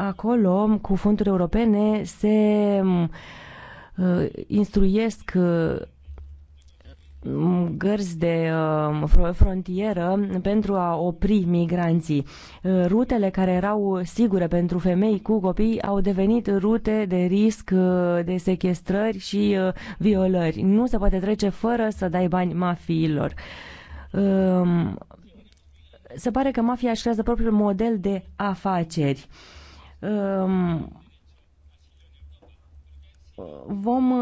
Acolo, cu fonduri europene, se mm, uh, instruiesc mm, gărzi de mm, frontieră pentru a opri migranții. Uh, rutele care erau sigure pentru femei cu copii au devenit rute de risc uh, de sequestrări și violări. Nu se poate trece fără să dai bani mafiilor. Um, se pare că mafia își creează propriul model de afaceri Ehm, vom,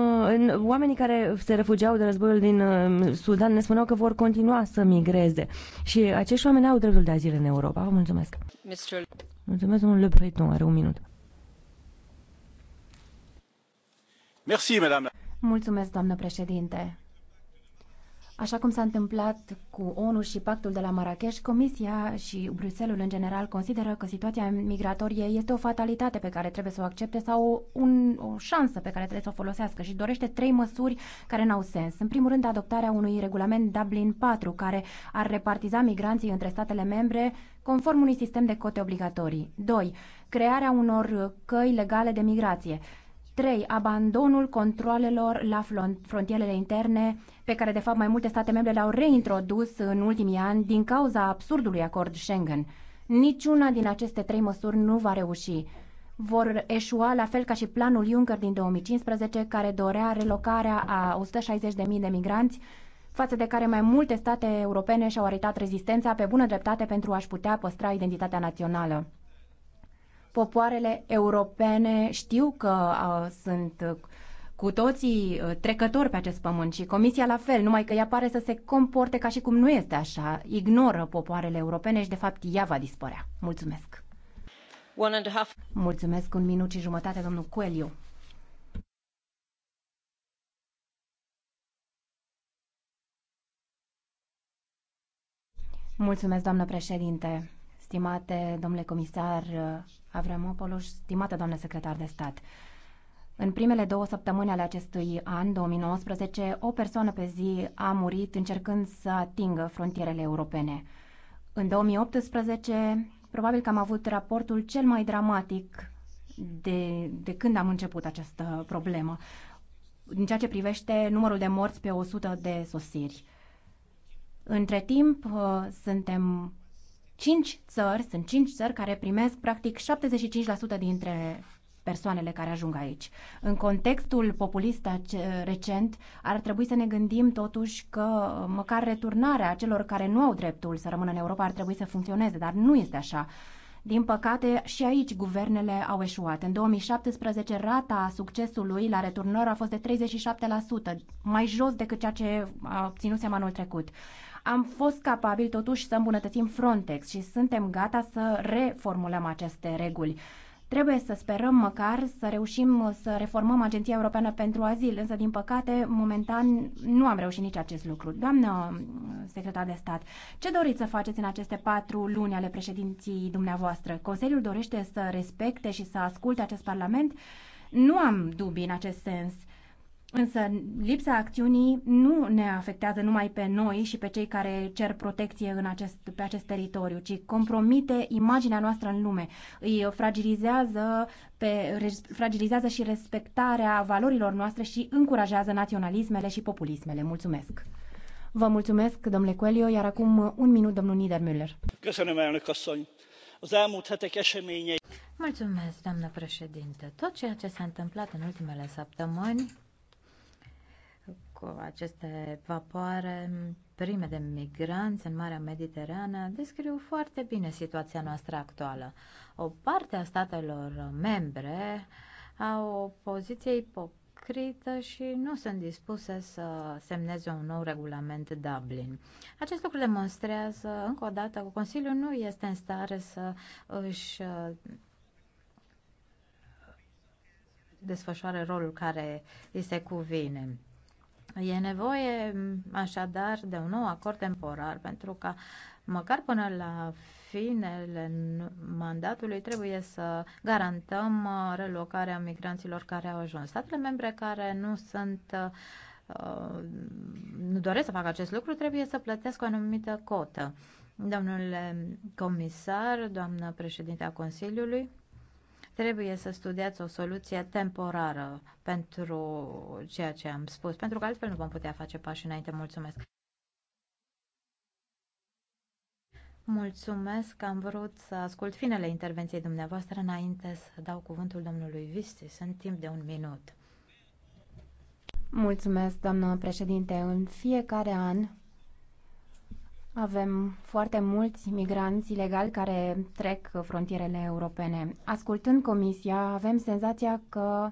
oamenii care se refugiau de războiul din ehm, Sudan ne spuneau că vor continua să migreze și acești oameni au dreptul de azil în Europa. Vă mulțumesc. Mr. Mulțumesc, domnul Le Breton, are un minut. Merci, madame. Mulțumesc, doamnă președinte. Așa cum s-a întâmplat cu ONU și pactul de la Marrakesh, Comisia și Bruxelles în general consideră că situația migratorie este o fatalitate pe care trebuie să o accepte sau un, o șansă pe care trebuie să o folosească și dorește trei măsuri care n-au sens. În primul rând, adoptarea unui regulament Dublin 4 care ar repartiza migranții între statele membre conform unui sistem de cote obligatorii. 2. Crearea unor căi legale de migrație. 3. Abandonul controlelor la frontierele interne, pe care de fapt mai multe state membre le-au reintrodus în ultimii ani din cauza absurdului acord Schengen. Niciuna din aceste trei măsuri nu va reuși. Vor eșua la fel ca și planul Juncker din 2015, care dorea relocarea a 160.000 de migranți, față de care mai multe state europene și-au arătat rezistența pe bună dreptate pentru a-și putea păstra identitatea națională. Popoarele europene știu că uh, sunt uh, cu toții uh, trecători pe acest pământ și Comisia la fel, numai că ea pare să se comporte ca și cum nu este așa, ignoră popoarele europene și de fapt ea va dispărea. Mulțumesc! One and a half. Mulțumesc un minut și jumătate, domnul Coelho. Mulțumesc, doamnă președinte stimate domnule comisar Avramopoulos, stimată doamnă secretar de stat. În primele două săptămâni ale acestui an, 2019, o persoană pe zi a murit încercând să atingă frontierele europene. În 2018, probabil că am avut raportul cel mai dramatic de, de când am început această problemă, în ceea ce privește numărul de morți pe 100 de sosiri. Între timp, suntem Cinci țări, sunt cinci țări care primesc practic 75% dintre persoanele care ajung aici. În contextul populist recent, ar trebui să ne gândim totuși că măcar returnarea celor care nu au dreptul să rămână în Europa ar trebui să funcționeze, dar nu este așa. Din păcate, și aici guvernele au eșuat. În 2017, rata succesului la returnări a fost de 37%, mai jos decât ceea ce a seama anul trecut am fost capabili totuși să îmbunătățim Frontex și suntem gata să reformulăm aceste reguli. Trebuie să sperăm măcar să reușim să reformăm Agenția Europeană pentru Azil, însă, din păcate, momentan nu am reușit nici acest lucru. Doamnă uh, secretar de stat, ce doriți să faceți în aceste patru luni ale președinției dumneavoastră? Consiliul dorește să respecte și să asculte acest Parlament? Nu am dubii în acest sens. Însă lipsa acțiunii nu ne afectează numai pe noi și pe cei care cer protecție în acest, pe acest teritoriu, ci compromite imaginea noastră în lume, îi fragilizează, pe, fragilizează și respectarea valorilor noastre și încurajează naționalismele și populismele. Mulțumesc! Vă mulțumesc, domnule Coelho, iar acum un minut, domnul Niedermüller. Mulțumesc, doamnă președinte. Tot ceea ce s-a întâmplat în ultimele săptămâni aceste vapoare prime de migranți în Marea Mediterană descriu foarte bine situația noastră actuală. O parte a statelor membre au o poziție ipocrită și nu sunt dispuse să semneze un nou regulament Dublin. Acest lucru demonstrează încă o dată că Consiliul nu este în stare să își uh, desfășoare rolul care îi se cuvine. E nevoie așadar de un nou acord temporar pentru ca măcar până la finele mandatului trebuie să garantăm uh, relocarea migranților care au ajuns. Statele membre care nu sunt uh, nu doresc să facă acest lucru, trebuie să plătesc o anumită cotă. Domnule comisar, doamnă președinte a Consiliului, Trebuie să studiați o soluție temporară pentru ceea ce am spus, pentru că altfel nu vom putea face pași înainte. Mulțumesc! Mulțumesc, am vrut să ascult finele intervenției dumneavoastră înainte să dau cuvântul domnului Vistis în timp de un minut. Mulțumesc, doamnă președinte. În fiecare an, avem foarte mulți migranți ilegali care trec frontierele europene. Ascultând Comisia, avem senzația că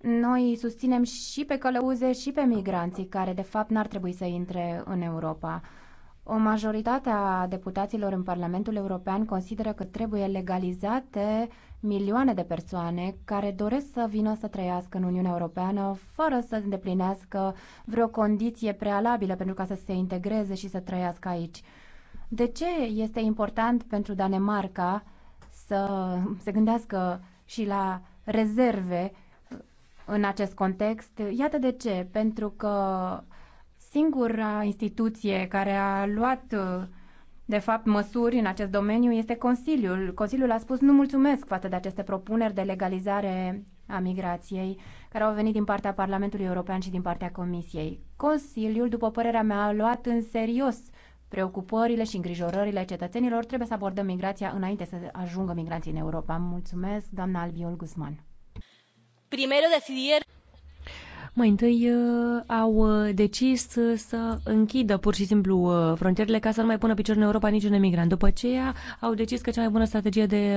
noi susținem și pe călăuze și pe migranții care de fapt n-ar trebui să intre în Europa. O majoritate a deputaților în Parlamentul European consideră că trebuie legalizate milioane de persoane care doresc să vină să trăiască în Uniunea Europeană fără să îndeplinească vreo condiție prealabilă pentru ca să se integreze și să trăiască aici. De ce este important pentru Danemarca să se gândească și la rezerve în acest context? Iată de ce, pentru că Singura instituție care a luat de fapt, măsuri în acest domeniu este Consiliul. Consiliul a spus nu mulțumesc față de aceste propuneri de legalizare a migrației care au venit din partea Parlamentului European și din partea Comisiei. Consiliul, după părerea mea, a luat în serios preocupările și îngrijorările cetățenilor. Trebuie să abordăm migrația înainte să ajungă migranții în Europa. Mulțumesc, doamna Albiol Guzman. Primero decidir mai întâi uh, au uh, decis uh, să închidă pur și simplu frontierele ca să nu mai pună picior în Europa niciun emigrant. După aceea au decis că cea mai bună strategie de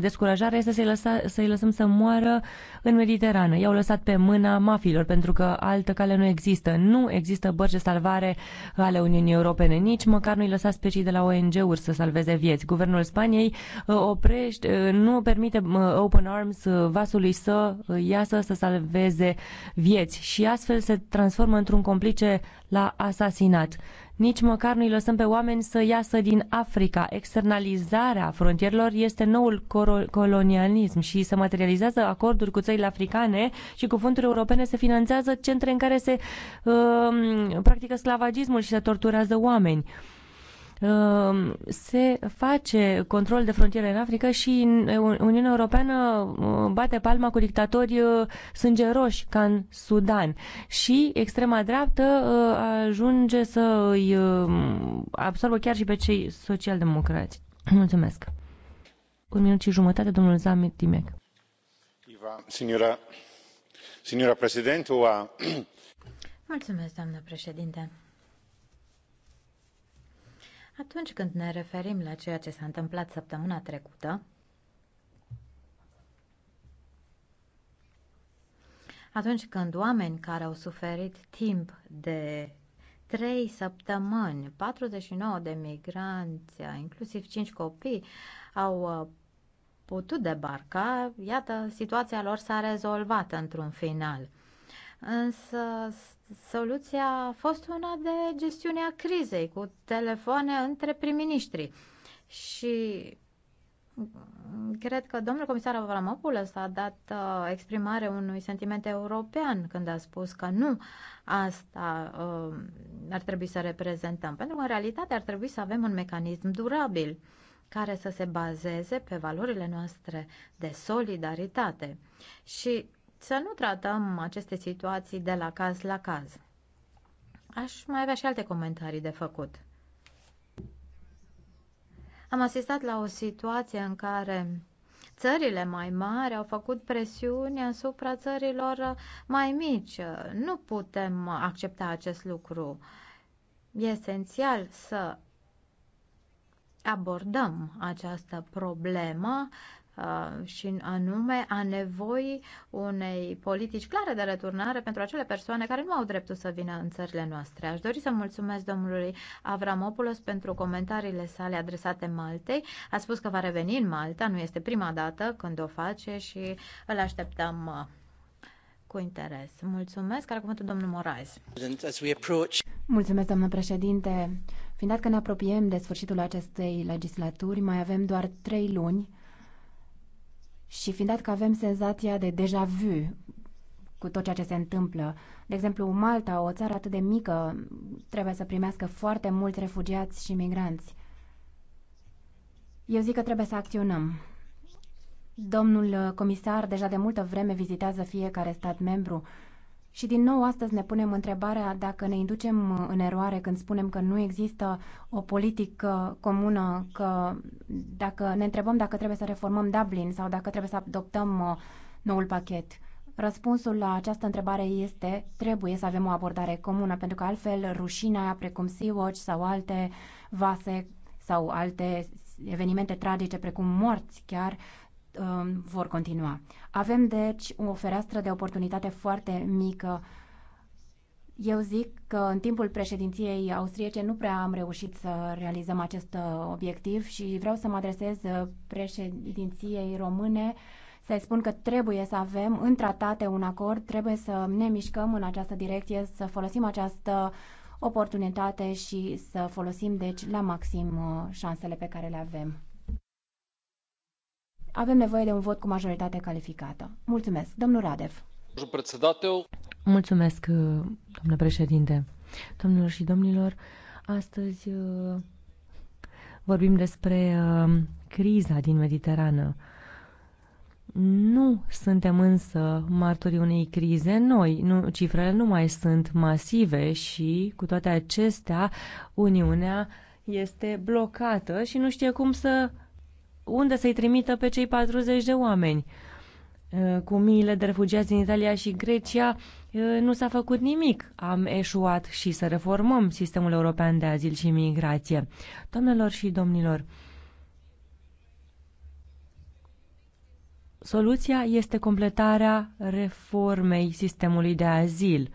descurajare este să-i, lăsa, să lăsăm să moară în Mediterană. I-au lăsat pe mâna mafilor, pentru că altă cale nu există. Nu există bărci de salvare ale Uniunii Europene, nici măcar nu-i lăsați pe cei de la ONG-uri să salveze vieți. Guvernul Spaniei uh, oprește, uh, nu permite uh, Open Arms vasului să iasă să salveze vieți și astfel se transformă într-un complice la asasinat. Nici măcar nu-i lăsăm pe oameni să iasă din Africa. Externalizarea frontierelor este noul colonialism și se materializează acorduri cu țările africane și cu fonduri europene se finanțează centre în care se uh, practică sclavagismul și se torturează oameni. Uh, Um, se face control de frontiere în Africa și Uniunea Europeană um, bate palma cu dictatori uh, sângeroși, ca în Sudan. Și extrema dreaptă uh, ajunge să îi um, absorbă chiar și pe cei socialdemocrați. Mulțumesc. Un minut și jumătate, domnul Zamit Timec. Signora, signora președinte, Mulțumesc, doamnă președinte. Atunci când ne referim la ceea ce s-a întâmplat săptămâna trecută, atunci când oameni care au suferit timp de trei săptămâni, 49 de migranți, inclusiv 5 copii, au uh, putut debarca, iată, situația lor s-a rezolvat într-un final. Însă Soluția a fost una de gestiune a crizei cu telefoane între prim-ministri. Și cred că domnul comisar Avramopoulos a dat uh, exprimare unui sentiment european când a spus că nu asta uh, ar trebui să reprezentăm, pentru că în realitate ar trebui să avem un mecanism durabil care să se bazeze pe valorile noastre de solidaritate. Și să nu tratăm aceste situații de la caz la caz. Aș mai avea și alte comentarii de făcut. Am asistat la o situație în care țările mai mari au făcut presiuni asupra țărilor mai mici. Nu putem accepta acest lucru. E esențial să abordăm această problemă Uh, și anume a nevoii unei politici clare de returnare pentru acele persoane care nu au dreptul să vină în țările noastre. Aș dori să mulțumesc domnului Avramopoulos pentru comentariile sale adresate Maltei. A spus că va reveni în Malta, nu este prima dată când o face și îl așteptăm uh, cu interes. Mulțumesc. Are cuvântul domnul Moraes. Mulțumesc, doamnă președinte. Fiind dat că ne apropiem de sfârșitul acestei legislaturi, mai avem doar trei luni și fiind dat că avem senzația de deja vu cu tot ceea ce se întâmplă. De exemplu, Malta, o țară atât de mică, trebuie să primească foarte mulți refugiați și migranți. Eu zic că trebuie să acționăm. Domnul comisar deja de multă vreme vizitează fiecare stat membru și din nou astăzi ne punem întrebarea dacă ne inducem în eroare când spunem că nu există o politică comună, că dacă ne întrebăm dacă trebuie să reformăm Dublin sau dacă trebuie să adoptăm uh, noul pachet. Răspunsul la această întrebare este trebuie să avem o abordare comună, pentru că altfel rușinea, precum Sea-Watch sau alte vase sau alte evenimente tragice, precum morți chiar, uh, Um, vor continua. Avem, deci, o fereastră de oportunitate foarte mică. Eu zic că în timpul președinției austriece nu prea am reușit să realizăm acest uh, obiectiv și vreau să mă adresez uh, președinției române să-i spun că trebuie să avem în tratate un acord, trebuie să ne mișcăm în această direcție, să folosim această oportunitate și să folosim, deci, la maxim uh, șansele pe care le avem avem nevoie de un vot cu majoritate calificată. Mulțumesc. Domnul Radev. Mulțumesc, uh, domnule președinte. Domnilor și domnilor, astăzi uh, vorbim despre uh, criza din Mediterană. Nu suntem însă martorii unei crize noi. Nu, cifrele nu mai sunt masive și, cu toate acestea, Uniunea este blocată și nu știe cum să unde să-i trimită pe cei 40 de oameni. Uh, cu miile de refugiați din Italia și Grecia uh, nu s-a făcut nimic. Am eșuat și să reformăm sistemul european de azil și migrație. Domnilor și domnilor, soluția este completarea reformei sistemului de azil.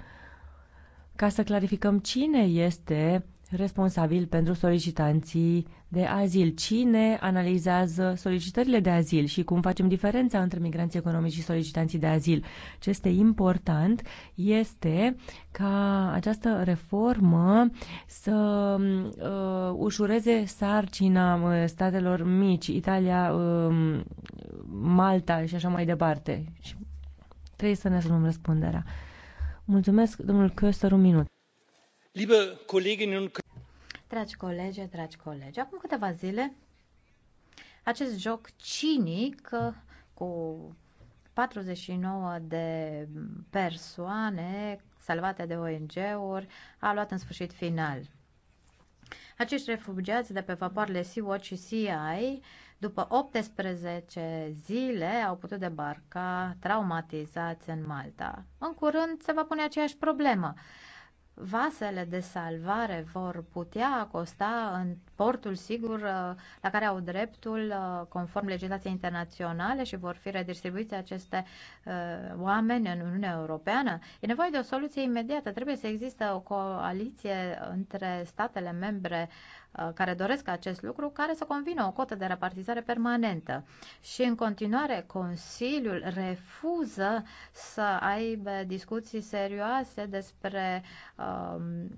Ca să clarificăm cine este responsabil pentru solicitanții de azil. Cine analizează solicitările de azil și cum facem diferența între migranții economici și solicitanții de azil? Ce este important este ca această reformă să uh, ușureze sarcina uh, statelor mici, Italia, uh, Malta și așa mai departe. Și trebuie să ne asumăm răspunderea. Mulțumesc, domnul Căsăr, un minut. Liebe Kolleginnen und Dragi colegi, dragi colegi, acum câteva zile acest joc cinic cu 49 de persoane salvate de ONG-uri a luat în sfârșit final. Acești refugiați de pe vapoarele Sea-Watch și CI, după 18 zile, au putut debarca traumatizați în Malta. În curând se va pune aceeași problemă vasele de salvare vor putea acosta în portul sigur uh, la care au dreptul uh, conform legislației internaționale și vor fi redistribuiți aceste uh, oameni în Uniunea Europeană. E nevoie de o soluție imediată. Trebuie să există o coaliție între statele membre care doresc acest lucru, care să convină o cotă de repartizare permanentă. Și în continuare, Consiliul refuză să aibă discuții serioase despre um,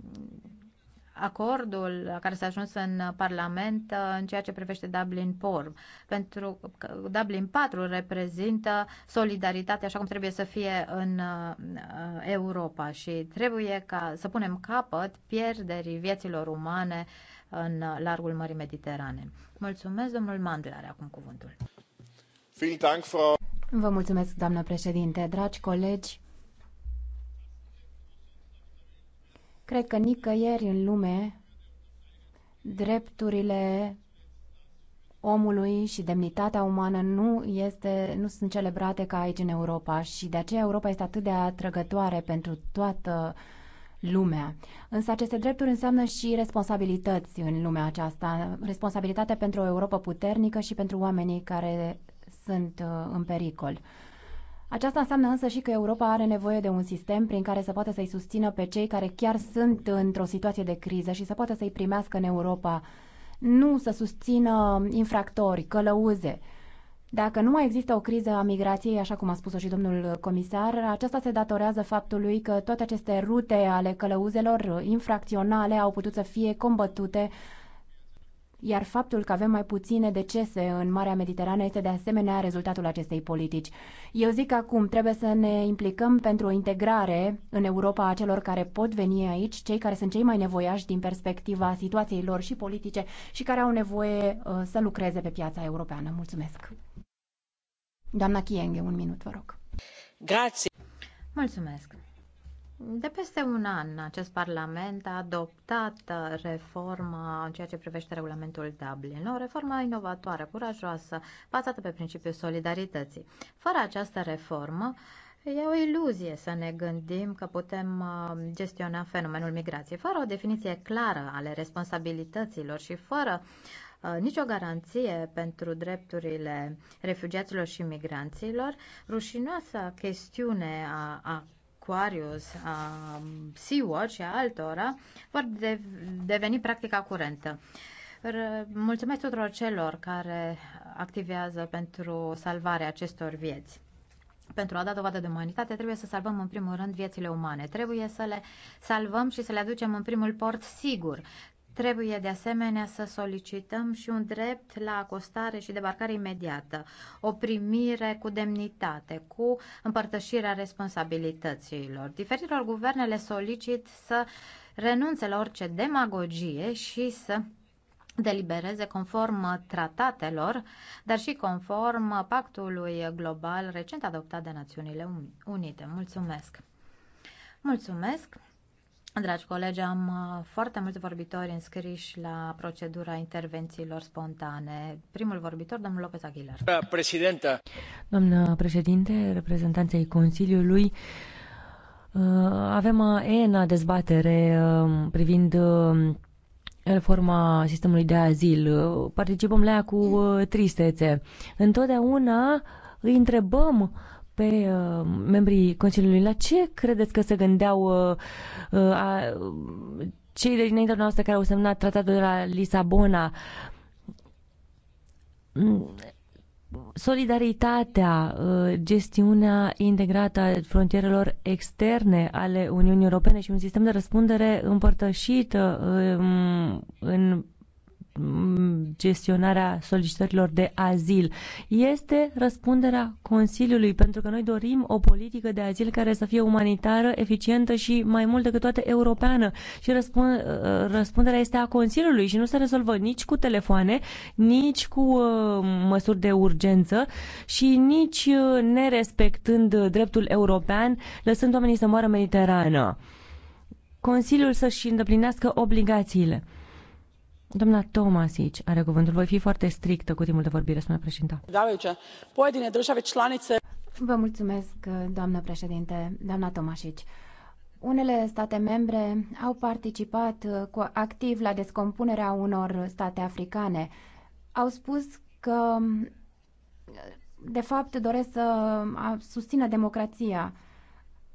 acordul la care s-a ajuns în Parlament uh, în ceea ce privește Dublin 4. Pentru că Dublin 4 reprezintă solidaritatea așa cum trebuie să fie în uh, Europa și trebuie ca să punem capăt pierderii vieților umane în largul Mării Mediterane. Mulțumesc, domnul Mandl are acum cuvântul. Vă mulțumesc, doamnă președinte, dragi colegi. Cred că nicăieri în lume drepturile omului și demnitatea umană nu, este, nu sunt celebrate ca aici în Europa și de aceea Europa este atât de atrăgătoare pentru toată lumea. Însă aceste drepturi înseamnă și responsabilități în lumea aceasta, responsabilitatea pentru o Europa puternică și pentru oamenii care sunt uh, în pericol. Aceasta înseamnă însă și că Europa are nevoie de un sistem prin care să poată să-i susțină pe cei care chiar sunt într-o situație de criză și să poată să-i primească în Europa, nu să susțină infractori, călăuze. Dacă nu mai există o criză a migrației, așa cum a spus-o și domnul comisar, aceasta se datorează faptului că toate aceste rute ale călăuzelor infracționale au putut să fie combătute iar faptul că avem mai puține decese în Marea Mediterană este de asemenea rezultatul acestei politici. Eu zic acum, trebuie să ne implicăm pentru o integrare în Europa a celor care pot veni aici, cei care sunt cei mai nevoiași din perspectiva situației lor și politice și care au nevoie uh, să lucreze pe piața europeană. Mulțumesc! Doamna Chienghe, un minut, vă rog. Grație! Mulțumesc! De peste un an, acest Parlament a adoptat reforma în ceea ce privește regulamentul Dublin, o reformă inovatoare, curajoasă, bazată pe principiul solidarității. Fără această reformă, E o iluzie să ne gândim că putem uh, gestiona fenomenul migrației. Fără o definiție clară ale responsabilităților și fără uh, nicio garanție pentru drepturile refugiaților și migranților, rușinoasa chestiune a, a Aquarius, a Sea-Watch și a altora vor de- deveni practica curentă. Mulțumesc tuturor celor care activează pentru salvarea acestor vieți. Pentru a da dovadă de umanitate trebuie să salvăm în primul rând viețile umane. Trebuie să le salvăm și să le aducem în primul port sigur. Trebuie de asemenea să solicităm și un drept la acostare și debarcare imediată, o primire cu demnitate, cu împărtășirea responsabilităților. Diferitor guverne le solicit să renunțe la orice demagogie și să delibereze conform tratatelor, dar și conform pactului global recent adoptat de Națiunile Unite. Mulțumesc! Mulțumesc! Dragi colegi, am uh, foarte mulți vorbitori înscriși la procedura intervențiilor spontane. Primul vorbitor, domnul Lopez Aguilar. Președinte. Doamnă președinte, reprezentanței Consiliului, uh, avem uh, ENA dezbatere privind reforma sistemului de azil. Participăm la ea cu tristețe. Întotdeauna îi întrebăm pe uh, membrii Consiliului la ce credeți că se gândeau uh, uh, a, cei de dinaintea noastră care au semnat tratatul de la Lisabona? Mm, solidaritatea, uh, gestiunea integrată a frontierelor externe ale Uniunii Europene și un sistem de răspundere uh, în gestionarea solicitărilor de azil. Este răspunderea Consiliului, pentru că noi dorim o politică de azil care să fie umanitară, eficientă și mai mult decât toate europeană. Și răspund, uh, răspunderea este a Consiliului și nu se rezolvă nici cu telefoane, nici cu uh, măsuri de urgență și nici uh, nerespectând dreptul european, lăsând oamenii să moară mediterană. Consiliul să-și îndeplinească obligațiile. Doamna Tomasic are cuvântul. Voi fi foarte strictă cu timpul de vorbire, spune președinta. Pojedine države članice... Vă mulțumesc, doamnă președinte, doamna Tomasic. Unele state membre au participat uh, cu activ la descompunerea unor state africane. Au spus că, uh, de fapt, doresc să uh, susțină democrația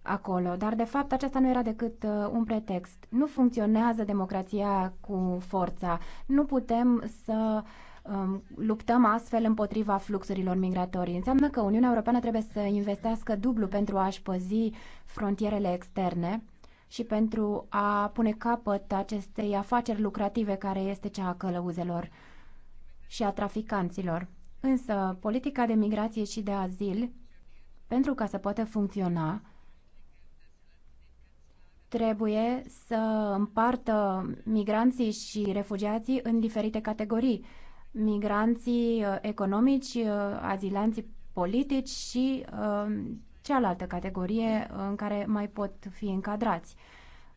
acolo, dar de fapt aceasta nu era decât uh, un pretext. Nu funcționează democrația cu forța. Nu putem să um, luptăm astfel împotriva fluxurilor migratorii. Înseamnă că Uniunea Europeană trebuie să investească dublu pentru a-și păzi frontierele externe și pentru a pune capăt acestei afaceri lucrative care este cea a călăuzelor și a traficanților. Însă, politica de migrație și de azil, pentru ca să poată funcționa, trebuie să împartă migranții și refugiații în diferite categorii. Migranții uh, economici, uh, azilanții politici și uh, cealaltă categorie în care mai pot fi încadrați.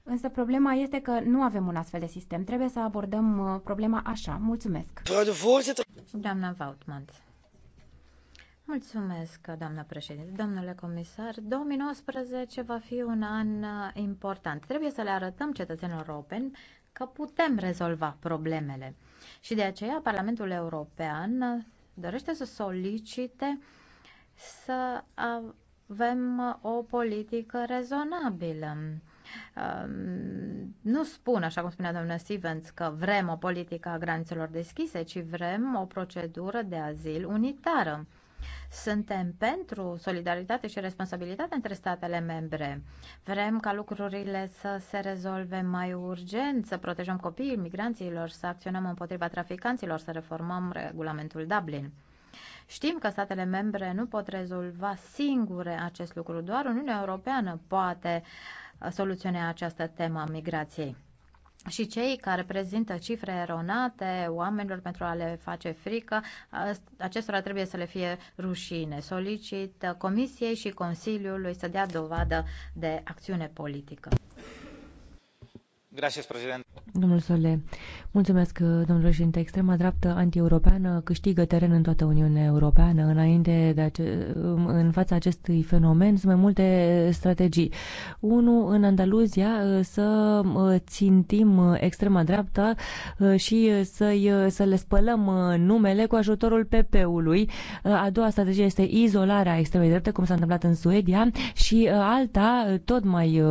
Însă problema este că nu avem un astfel de sistem. Trebuie să abordăm problema așa. Mulțumesc. Doamna Vautmans. Mulțumesc, doamnă președinte. Domnule comisar, 2019 va fi un an uh, important. Trebuie să le arătăm cetățenilor europeni că putem rezolva problemele. Și de aceea Parlamentul European uh, dorește să solicite să avem uh, o politică rezonabilă. Um, nu spun, așa cum spunea domnul Stevens, că vrem o politică a granițelor deschise, ci vrem o procedură de azil unitară. Suntem pentru solidaritate și responsabilitate între statele membre. Vrem ca lucrurile să se rezolve mai urgent, să protejăm copiii migranților, să acționăm împotriva traficanților, să reformăm regulamentul Dublin. Știm că statele membre nu pot rezolva singure acest lucru, doar Uniunea Europeană poate uh, soluționa această temă a migrației și cei care prezintă cifre eronate oamenilor pentru a le face frică, acestora trebuie să le fie rușine. Solicit Comisiei și Consiliului să dea dovadă de acțiune politică. Domnul Sole, mulțumesc, domnul președinte. Extrema dreaptă antieuropeană câștigă teren în toată Uniunea Europeană. Înainte de ace- în fața acestui fenomen sunt mai multe strategii. Unu, în Andaluzia, să țintim extrema dreaptă și să-i, să le spălăm numele cu ajutorul PP-ului. A doua strategie este izolarea extremei drepte, cum s-a întâmplat în Suedia, și alta, tot mai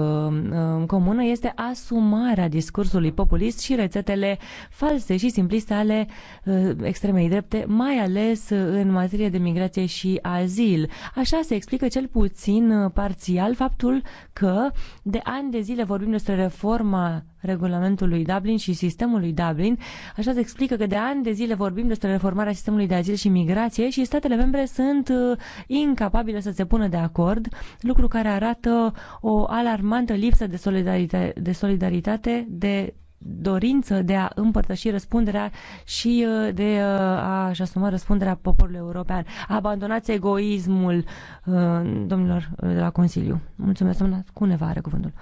comună, este asumarea promovarea discursului populist și rețetele false și simpliste ale uh, extremei drepte, mai ales uh, în materie de migrație și azil. Așa se explică cel puțin uh, parțial faptul că de ani de zile vorbim despre reforma regulamentului Dublin și sistemului Dublin. Așa se explică că de ani de zile vorbim despre reformarea sistemului de azil și migrație și statele membre sunt uh, incapabile să se pună de acord, lucru care arată o alarmantă lipsă de solidaritate, de, solidaritate, de dorință de a împărtăși răspunderea și uh, de uh, a-și asuma răspunderea poporului european. Abandonați egoismul, uh, domnilor de la Consiliu. Mulțumesc, doamna Cuneva are cuvântul.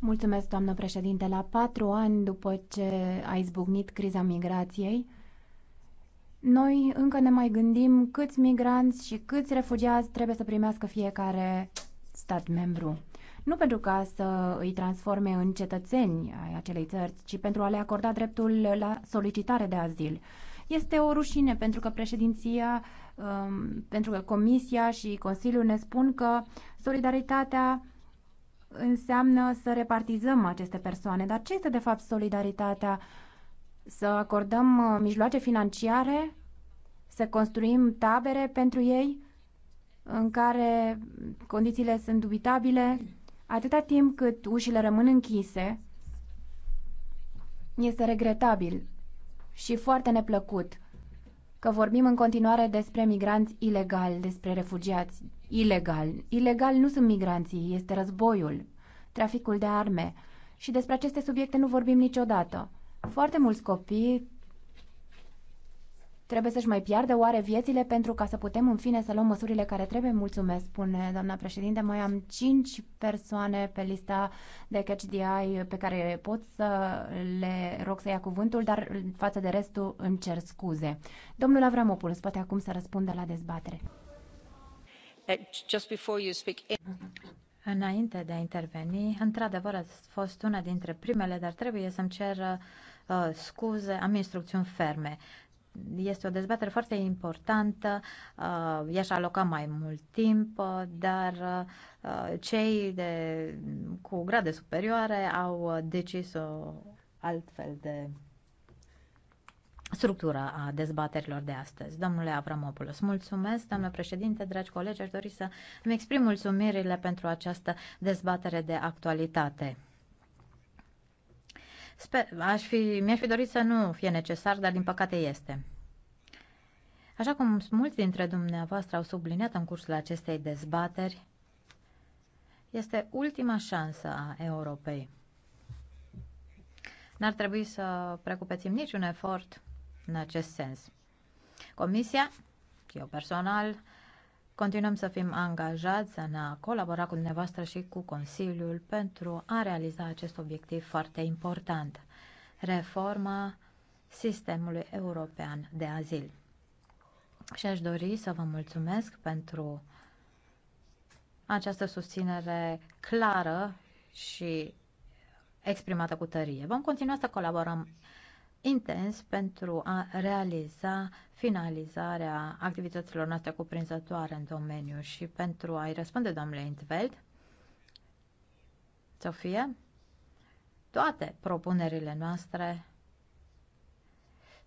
Mulțumesc, doamnă președinte. La patru ani după ce a izbucnit criza migrației, noi încă ne mai gândim câți migranți și câți refugiați trebuie să primească fiecare stat membru. Nu pentru ca să îi transforme în cetățeni ai acelei țări, ci pentru a le acorda dreptul la solicitare de azil. Este o rușine pentru că președinția, um, pentru că Comisia și Consiliul ne spun că solidaritatea înseamnă să repartizăm aceste persoane. Dar ce este de fapt solidaritatea? Să acordăm uh, mijloace financiare? Să construim tabere pentru ei? în care condițiile sunt dubitabile, atâta timp cât ușile rămân închise, este regretabil și foarte neplăcut că vorbim în continuare despre migranți ilegali, despre refugiați ilegali. Ilegali nu sunt migranții, este războiul, traficul de arme și despre aceste subiecte nu vorbim niciodată. Foarte mulți copii Trebuie să-și mai piardă oare viețile pentru ca să putem în fine să luăm măsurile care trebuie? Mulțumesc, spune doamna președinte. Mai am cinci persoane pe lista de catch eye pe care pot să le rog să ia cuvântul, dar față de restul îmi cer scuze. Domnul Avramopoulos poate acum să răspundă la dezbatere. Eh, just before you speak... Eh- Înainte de a interveni, într-adevăr a fost una dintre primele, dar trebuie să-mi cer uh, scuze, am instrucțiuni ferme. Este o dezbatere foarte importantă, uh, i-aș aloca mai mult timp, uh, dar uh, cei de, cu grade superioare au decis o altfel de structura a dezbaterilor de astăzi. Domnule Avramopoulos, mulțumesc, domnule președinte, dragi colegi, aș dori să îmi exprim mulțumirile pentru această dezbatere de actualitate. Sper, aș fi, mi-aș fi dorit să nu fie necesar, dar din păcate este. Așa cum mulți dintre dumneavoastră au subliniat în cursul acestei dezbateri, este ultima șansă a Europei. N-ar trebui să precupețim niciun efort în acest sens. Comisia, eu personal, Continuăm să fim angajați, să ne colabora cu dumneavoastră și cu Consiliul pentru a realiza acest obiectiv foarte important, reforma sistemului european de azil. Și aș dori să vă mulțumesc pentru această susținere clară și exprimată cu tărie. Vom continua să colaborăm intens pentru a realiza finalizarea activităților noastre cuprinzătoare în domeniu și pentru a-i răspunde domnule Intveld, Sofie, toate propunerile noastre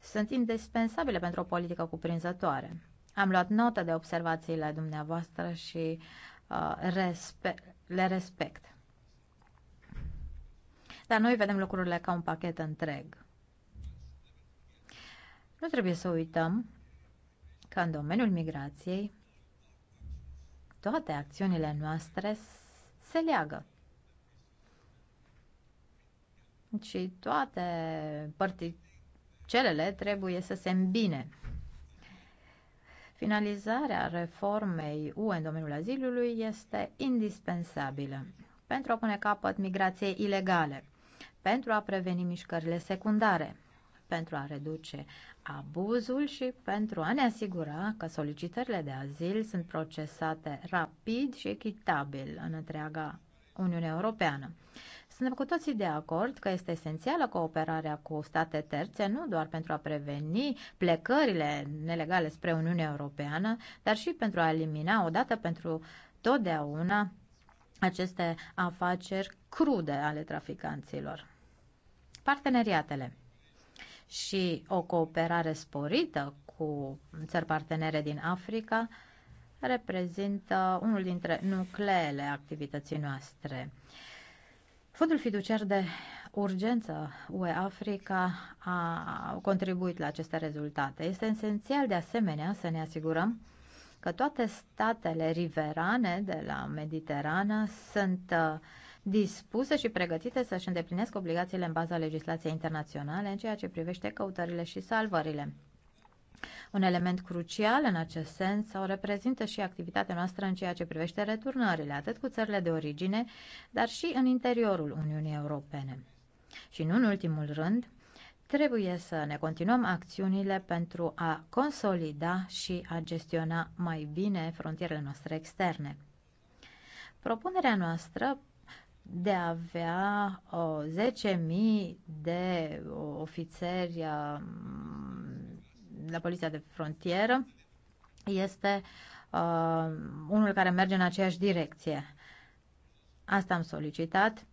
sunt indispensabile pentru o politică cuprinzătoare. Am luat notă de observațiile dumneavoastră și uh, respe- le respect. Dar noi vedem lucrurile ca un pachet întreg. Nu trebuie să uităm că în domeniul migrației toate acțiunile noastre se leagă. Și toate celele trebuie să se îmbine. Finalizarea reformei UE în domeniul azilului este indispensabilă pentru a pune capăt migrației ilegale, pentru a preveni mișcările secundare, pentru a reduce abuzul și pentru a ne asigura că solicitările de azil sunt procesate rapid și echitabil în întreaga Uniunea Europeană. Suntem cu toții de acord că este esențială cooperarea cu state terțe, nu doar pentru a preveni plecările nelegale spre Uniunea Europeană, dar și pentru a elimina odată pentru totdeauna aceste afaceri crude ale traficanților. Parteneriatele și o cooperare sporită cu țări partenere din Africa reprezintă unul dintre nucleele activității noastre. Fondul fiduciar de urgență UE Africa a contribuit la aceste rezultate. Este esențial de asemenea să ne asigurăm că toate statele riverane de la Mediterana sunt uh, dispuse și pregătite să-și îndeplinească obligațiile în baza legislației internaționale în ceea ce privește căutările și salvările. Un element crucial în acest sens o reprezintă și activitatea noastră în ceea ce privește returnările, atât cu țările de origine, dar și în interiorul Uniunii Europene. Și nu în ultimul rând, trebuie să ne continuăm acțiunile pentru a consolida și a gestiona mai bine frontierele noastre externe. Propunerea noastră de a avea uh, 10.000 de ofițeri uh, la Poliția de Frontieră este uh, unul care merge în aceeași direcție. Asta am solicitat.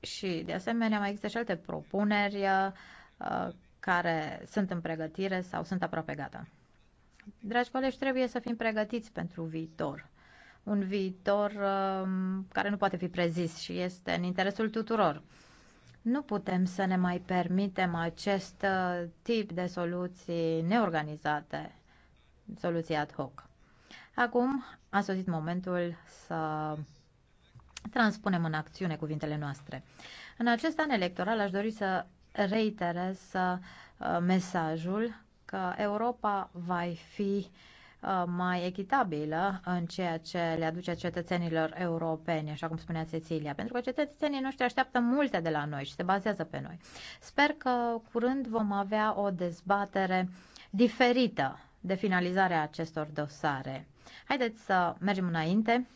Și, de asemenea, mai există și alte propuneri uh, care sunt în pregătire sau sunt aproape gata. Dragi colegi, trebuie să fim pregătiți pentru viitor un viitor um, care nu poate fi prezis și este în interesul tuturor. Nu putem să ne mai permitem acest uh, tip de soluții neorganizate, soluții ad hoc. Acum a sosit momentul să transpunem în acțiune cuvintele noastre. În acest an electoral aș dori să reiterez uh, mesajul că Europa va fi Uh, mai echitabilă în ceea ce le aduce cetățenilor europeni, așa cum spunea Cecilia, pentru că cetățenii noștri așteaptă multe de la noi și se bazează pe noi. Sper că curând vom avea o dezbatere diferită de finalizarea acestor dosare. Haideți să mergem înainte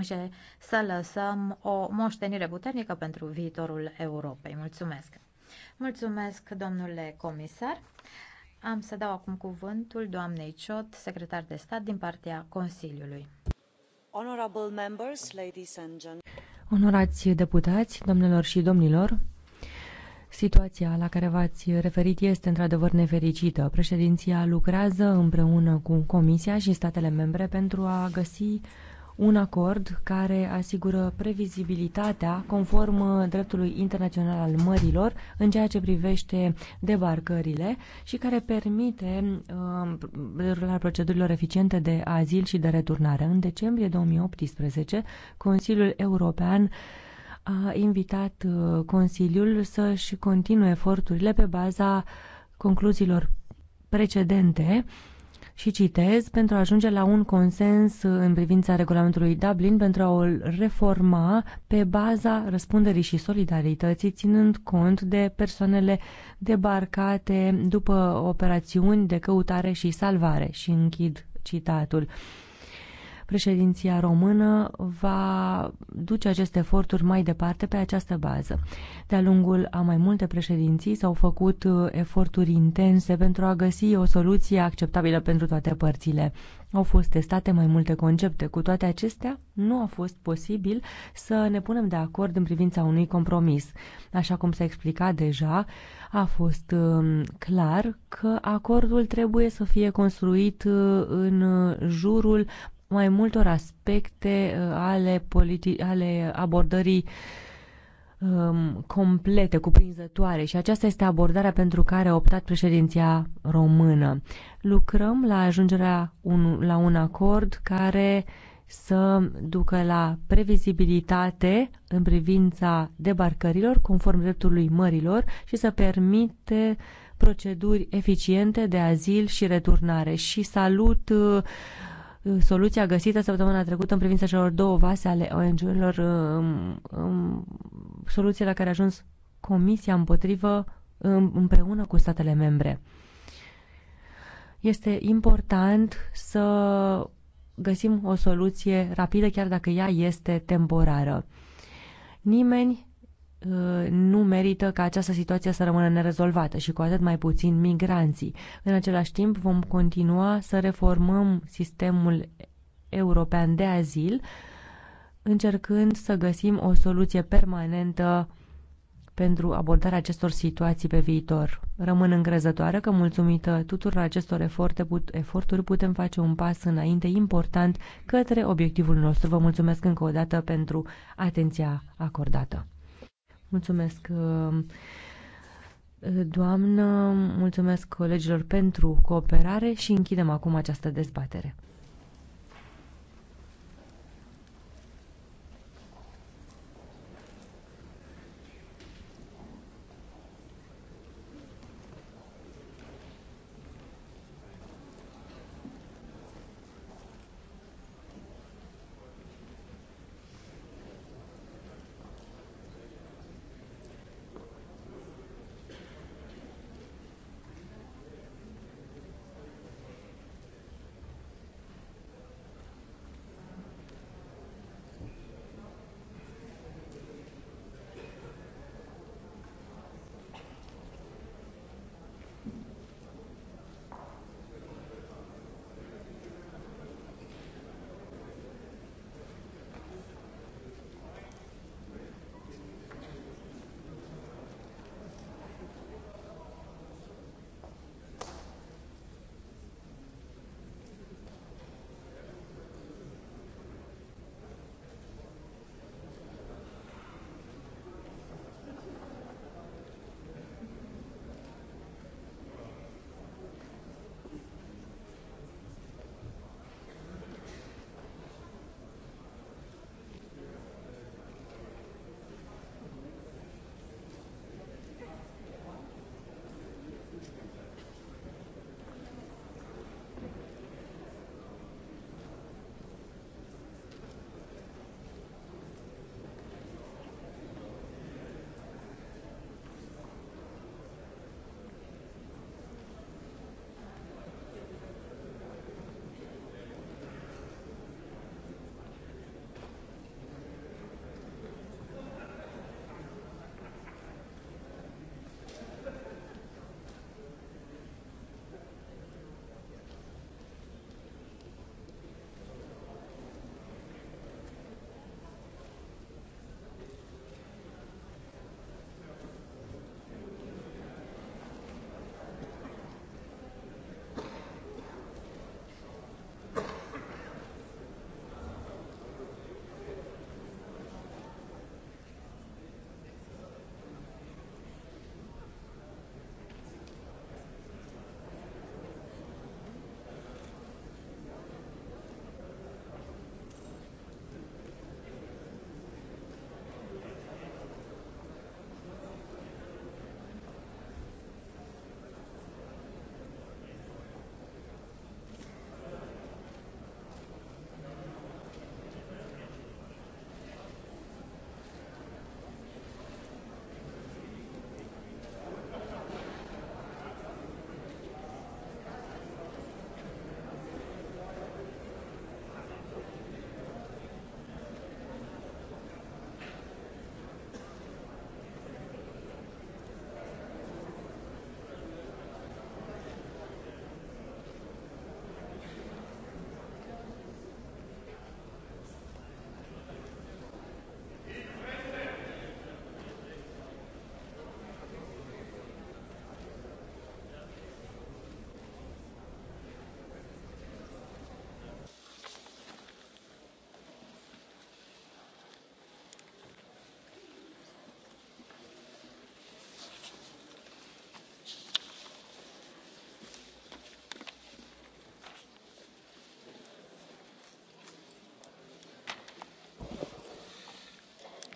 și să lăsăm o moștenire puternică pentru viitorul Europei. Mulțumesc! Mulțumesc, domnule comisar. Am să dau acum cuvântul doamnei Ciot, secretar de stat din partea Consiliului. Honorable members, ladies and gentlemen. Onorați deputați, domnilor și domnilor, Situația la care v-ați referit este într-adevăr nefericită. Președinția lucrează împreună cu Comisia și statele membre pentru a găsi un acord care asigură previzibilitatea conform uh, dreptului internațional al mărilor în ceea ce privește debarcările și care permite derularea uh, procedurilor eficiente de azil și de returnare. În decembrie 2018, Consiliul European a invitat uh, Consiliul să-și continue eforturile pe baza concluziilor precedente uh, și citez, pentru a ajunge la un consens în privința regulamentului Dublin pentru a-l reforma pe baza răspunderii și solidarității, ținând cont de persoanele debarcate după operațiuni de căutare și salvare. Și închid citatul. Președinția română va duce aceste eforturi mai departe pe această bază. De-a lungul a mai multe președinții s-au făcut uh, eforturi intense pentru a găsi o soluție acceptabilă pentru toate părțile. Au fost testate mai multe concepte. Cu toate acestea, nu a fost posibil să ne punem de acord în privința unui compromis. Așa cum s-a explicat deja, a fost um, clar că acordul trebuie să fie construit uh, în uh, jurul mai multor aspecte uh, ale, politi- ale abordării um, complete, cuprinzătoare și aceasta este abordarea pentru care a optat președinția română. Lucrăm la ajungerea un, la un acord care să ducă la previzibilitate în privința debarcărilor conform dreptului mărilor și să permite proceduri eficiente de azil și returnare și salut uh, Uh, soluția găsită săptămâna trecută în privința celor două vase ale ONG-urilor, um, um, soluția la care a ajuns Comisia împotrivă um, împreună cu statele membre. Este important să găsim o soluție rapidă, chiar dacă ea este temporară. Nimeni Uh, nu merită ca această situație să rămână nerezolvată și cu atât mai puțin migranții. În același timp vom continua să reformăm sistemul european de azil, încercând să găsim o soluție permanentă pentru abordarea acestor situații pe viitor. Rămân încrezătoare că, mulțumită tuturor acestor eforte, put, eforturi, putem face un pas înainte important către obiectivul nostru. Vă mulțumesc încă o dată pentru atenția acordată. Mulțumesc, uh, doamnă, mulțumesc colegilor pentru cooperare și închidem acum această dezbatere.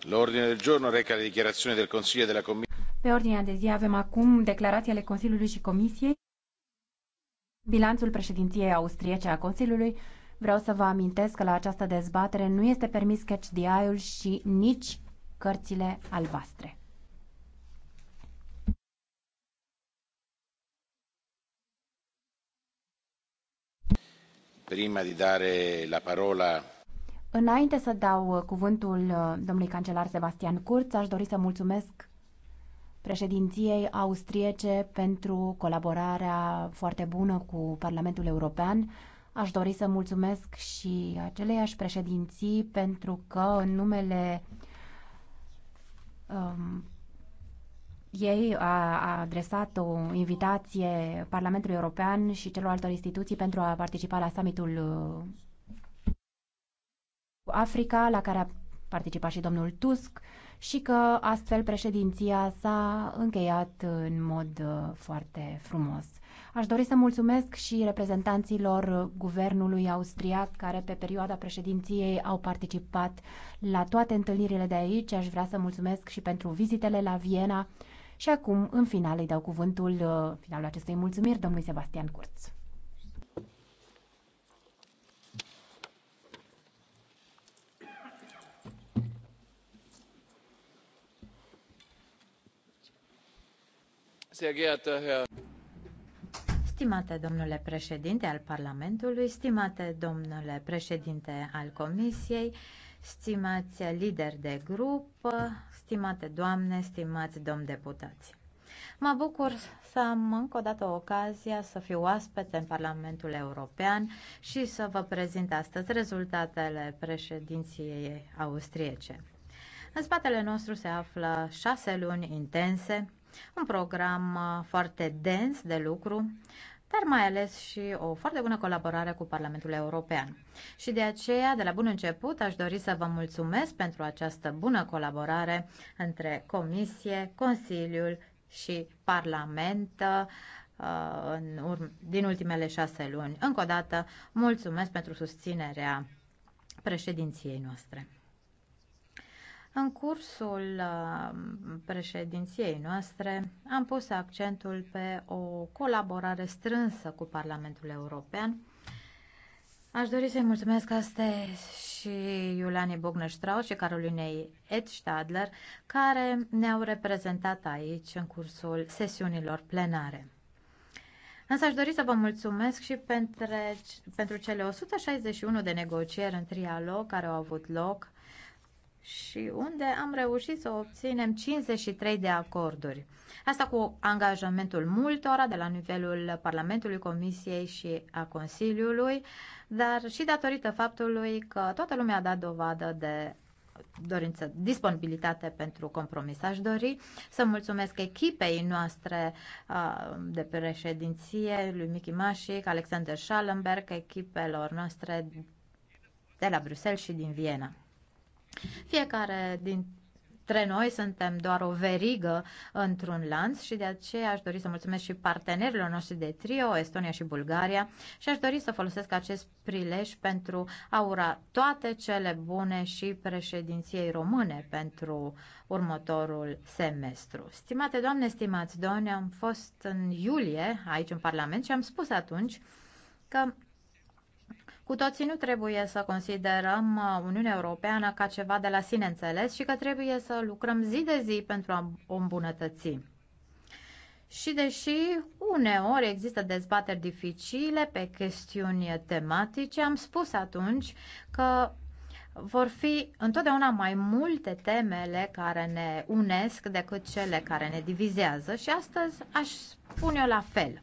l'ordine del giorno reca le dichiarazioni del consiglio e della comisie. Pe ordinea de zi avem acum declarații ale Consiliului și Comisiei. Bilanțul președinției austriece a Consiliului. Vreau să vă amintesc că la această dezbatere nu este permis catch the eye-ul și nici cărțile albastre. Prima di dare la parola Înainte să dau uh, cuvântul uh, domnului cancelar Sebastian Kurz, aș dori să mulțumesc președinției austriece pentru colaborarea foarte bună cu Parlamentul European. Aș dori să mulțumesc și aceleiași președinții pentru că în numele um, ei a, a adresat o invitație Parlamentului European și celorlalte instituții pentru a participa la summitul uh, Africa, la care a participat și domnul Tusk, și că astfel președinția s-a încheiat în mod uh, foarte frumos. Aș dori să mulțumesc și reprezentanților guvernului austriac care pe perioada președinției au participat la toate întâlnirile de aici. Aș vrea să mulțumesc și pentru vizitele la Viena. Și acum, în final, îi dau cuvântul uh, finalul acestei mulțumiri domnului Sebastian Curț. Stimate domnule președinte al Parlamentului, stimate domnule președinte al Comisiei, stimați lideri de grup, stimate doamne, stimați domn deputați. Mă bucur să am încă o dată ocazia să fiu oaspete în Parlamentul European și să vă prezint astăzi rezultatele președinției austriece. În spatele nostru se află șase luni intense un program uh, foarte dens de lucru, dar mai ales și o foarte bună colaborare cu Parlamentul European. Și de aceea, de la bun început, aș dori să vă mulțumesc pentru această bună colaborare între Comisie, Consiliul și Parlament uh, din ultimele șase luni. Încă o dată, mulțumesc pentru susținerea președinției noastre. În cursul uh, președinției noastre am pus accentul pe o colaborare strânsă cu Parlamentul European. Aș dori să-i mulțumesc astăzi și Iuliane bogner și Carolinei Edstadler, care ne-au reprezentat aici în cursul sesiunilor plenare. Însă aș dori să vă mulțumesc și pentru, pentru cele 161 de negocieri în trialog care au avut loc și unde am reușit să obținem 53 de acorduri. Asta cu angajamentul multora de la nivelul Parlamentului, Comisiei și a Consiliului, dar și datorită faptului că toată lumea a dat dovadă de dorință, disponibilitate pentru compromis. Aș dori să mulțumesc echipei noastre de președinție, lui Michi Mașic, Alexander Schallenberg, echipelor noastre de la Bruxelles și din Viena. Fiecare din între noi suntem doar o verigă într-un lanț și de aceea aș dori să mulțumesc și partenerilor noștri de trio, Estonia și Bulgaria și aș dori să folosesc acest prilej pentru a ura toate cele bune și președinției române pentru următorul semestru. Stimate doamne, stimați doamne, am fost în iulie aici în Parlament și am spus atunci că cu toții nu trebuie să considerăm uh, Uniunea Europeană ca ceva de la sine înțeles și că trebuie să lucrăm zi de zi pentru a o îmbunătăți. Și deși uneori există dezbateri dificile pe chestiuni tematice, am spus atunci că vor fi întotdeauna mai multe temele care ne unesc decât cele care ne divizează și astăzi aș spune la fel.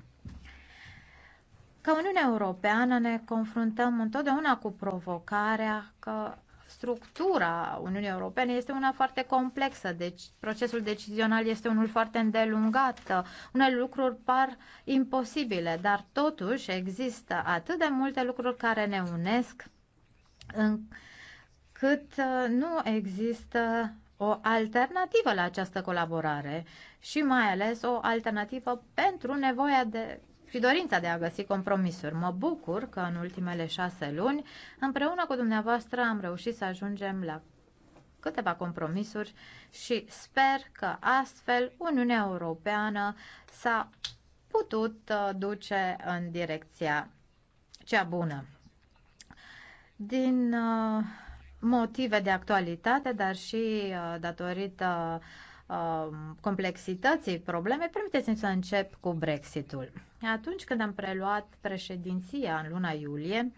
Ca Uniunea Europeană ne confruntăm întotdeauna cu provocarea că structura Uniunii Europene este una foarte complexă, deci procesul decizional este unul foarte îndelungat. Unele lucruri par imposibile, dar totuși există atât de multe lucruri care ne unesc încât uh, nu există o alternativă la această colaborare și mai ales o alternativă pentru nevoia de și dorința de a găsi compromisuri. Mă bucur că în ultimele șase luni, împreună cu dumneavoastră, am reușit să ajungem la câteva compromisuri și sper că astfel Uniunea Europeană s-a putut uh, duce în direcția cea bună. Din uh, motive de actualitate, dar și uh, datorită Um, complexității problemei, permiteți-mi să încep cu Brexitul. Atunci când am preluat președinția în luna iulie,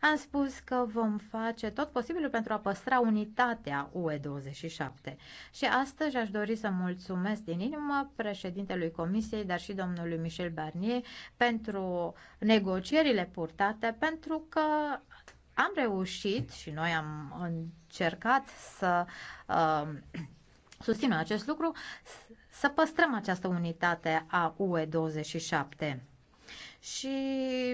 am spus că vom face tot posibilul pentru a păstra unitatea UE27. Și astăzi aș dori să mulțumesc din inimă președintelui Comisiei, dar și domnului Michel Barnier pentru negocierile purtate, pentru că am reușit și noi am încercat să uh, susțină acest lucru, să păstrăm această unitate a UE27. Și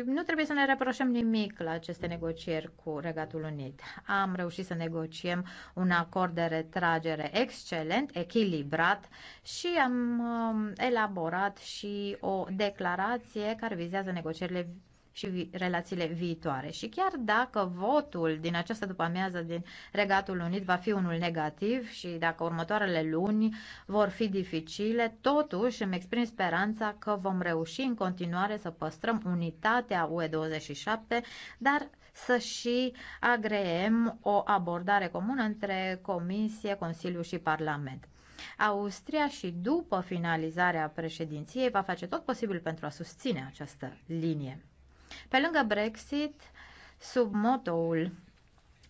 nu trebuie să ne reproșăm nimic la aceste negocieri cu Regatul Unit. Am reușit să negociem un acord de retragere excelent, echilibrat și am um, elaborat și o declarație care vizează negocierile și vi- relațiile viitoare. Și chiar dacă votul din această după-amiază din Regatul Unit va fi unul negativ și dacă următoarele luni vor fi dificile, totuși îmi exprim speranța că vom reuși în continuare să păstrăm unitatea UE27, dar să și agreem o abordare comună între Comisie, Consiliu și Parlament. Austria și după finalizarea președinției va face tot posibil pentru a susține această linie. Pe lângă Brexit, sub motoul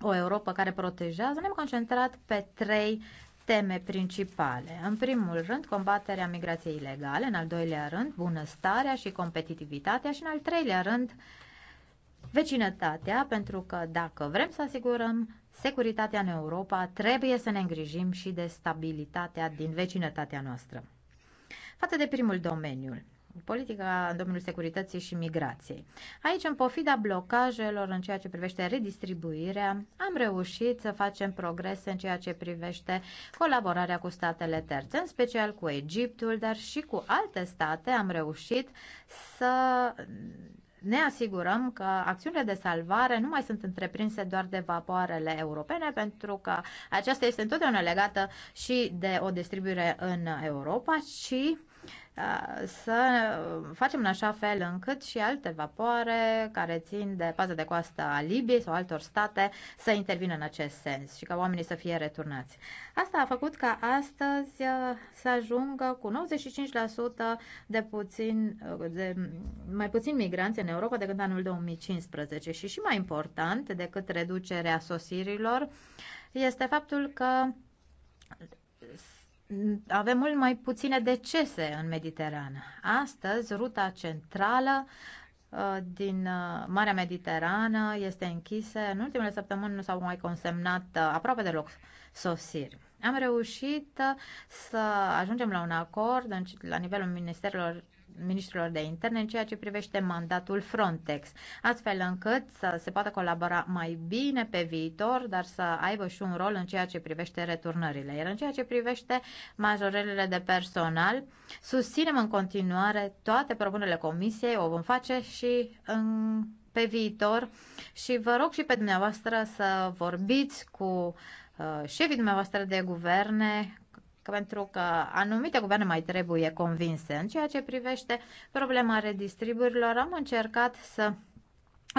o Europa care protejează, ne-am concentrat pe trei teme principale. În primul rând, combaterea migrației ilegale, în al doilea rând, bunăstarea și competitivitatea și în al treilea rând, vecinătatea, pentru că dacă vrem să asigurăm securitatea în Europa, trebuie să ne îngrijim și de stabilitatea din vecinătatea noastră. Față de primul domeniu, politica domeniului domeniul securității și migrației. Aici, în pofida blocajelor în ceea ce privește redistribuirea, am reușit să facem progrese în ceea ce privește colaborarea cu statele terțe, în special cu Egiptul, dar și cu alte state am reușit să ne asigurăm că acțiunile de salvare nu mai sunt întreprinse doar de vapoarele europene, pentru că aceasta este întotdeauna legată și de o distribuire în Europa, ci Uh, să uh, facem în așa fel încât și alte vapoare care țin de paza de coastă a Libiei sau altor state să intervină în acest sens și ca oamenii să fie returnați. Asta a făcut ca astăzi uh, să ajungă cu 95% de, puțin, de mai puțin migranți în Europa decât anul 2015 și și mai important decât reducerea sosirilor este faptul că avem mult mai puține decese în Mediterană. Astăzi, ruta centrală uh, din uh, Marea Mediterană este închisă. În ultimele săptămâni nu s-au mai consemnat uh, aproape deloc sosiri. Am reușit să ajungem la un acord la nivelul ministerilor ministrilor de interne în ceea ce privește mandatul Frontex, astfel încât să se poată colabora mai bine pe viitor, dar să aibă și un rol în ceea ce privește returnările. Iar în ceea ce privește majorările de personal, susținem în continuare toate propunerile comisiei, o vom face și în pe viitor și vă rog și pe dumneavoastră să vorbiți cu uh, șefii dumneavoastră de guverne, că pentru că anumite guverne mai trebuie convinse. În ceea ce privește problema redistribuirilor, am încercat să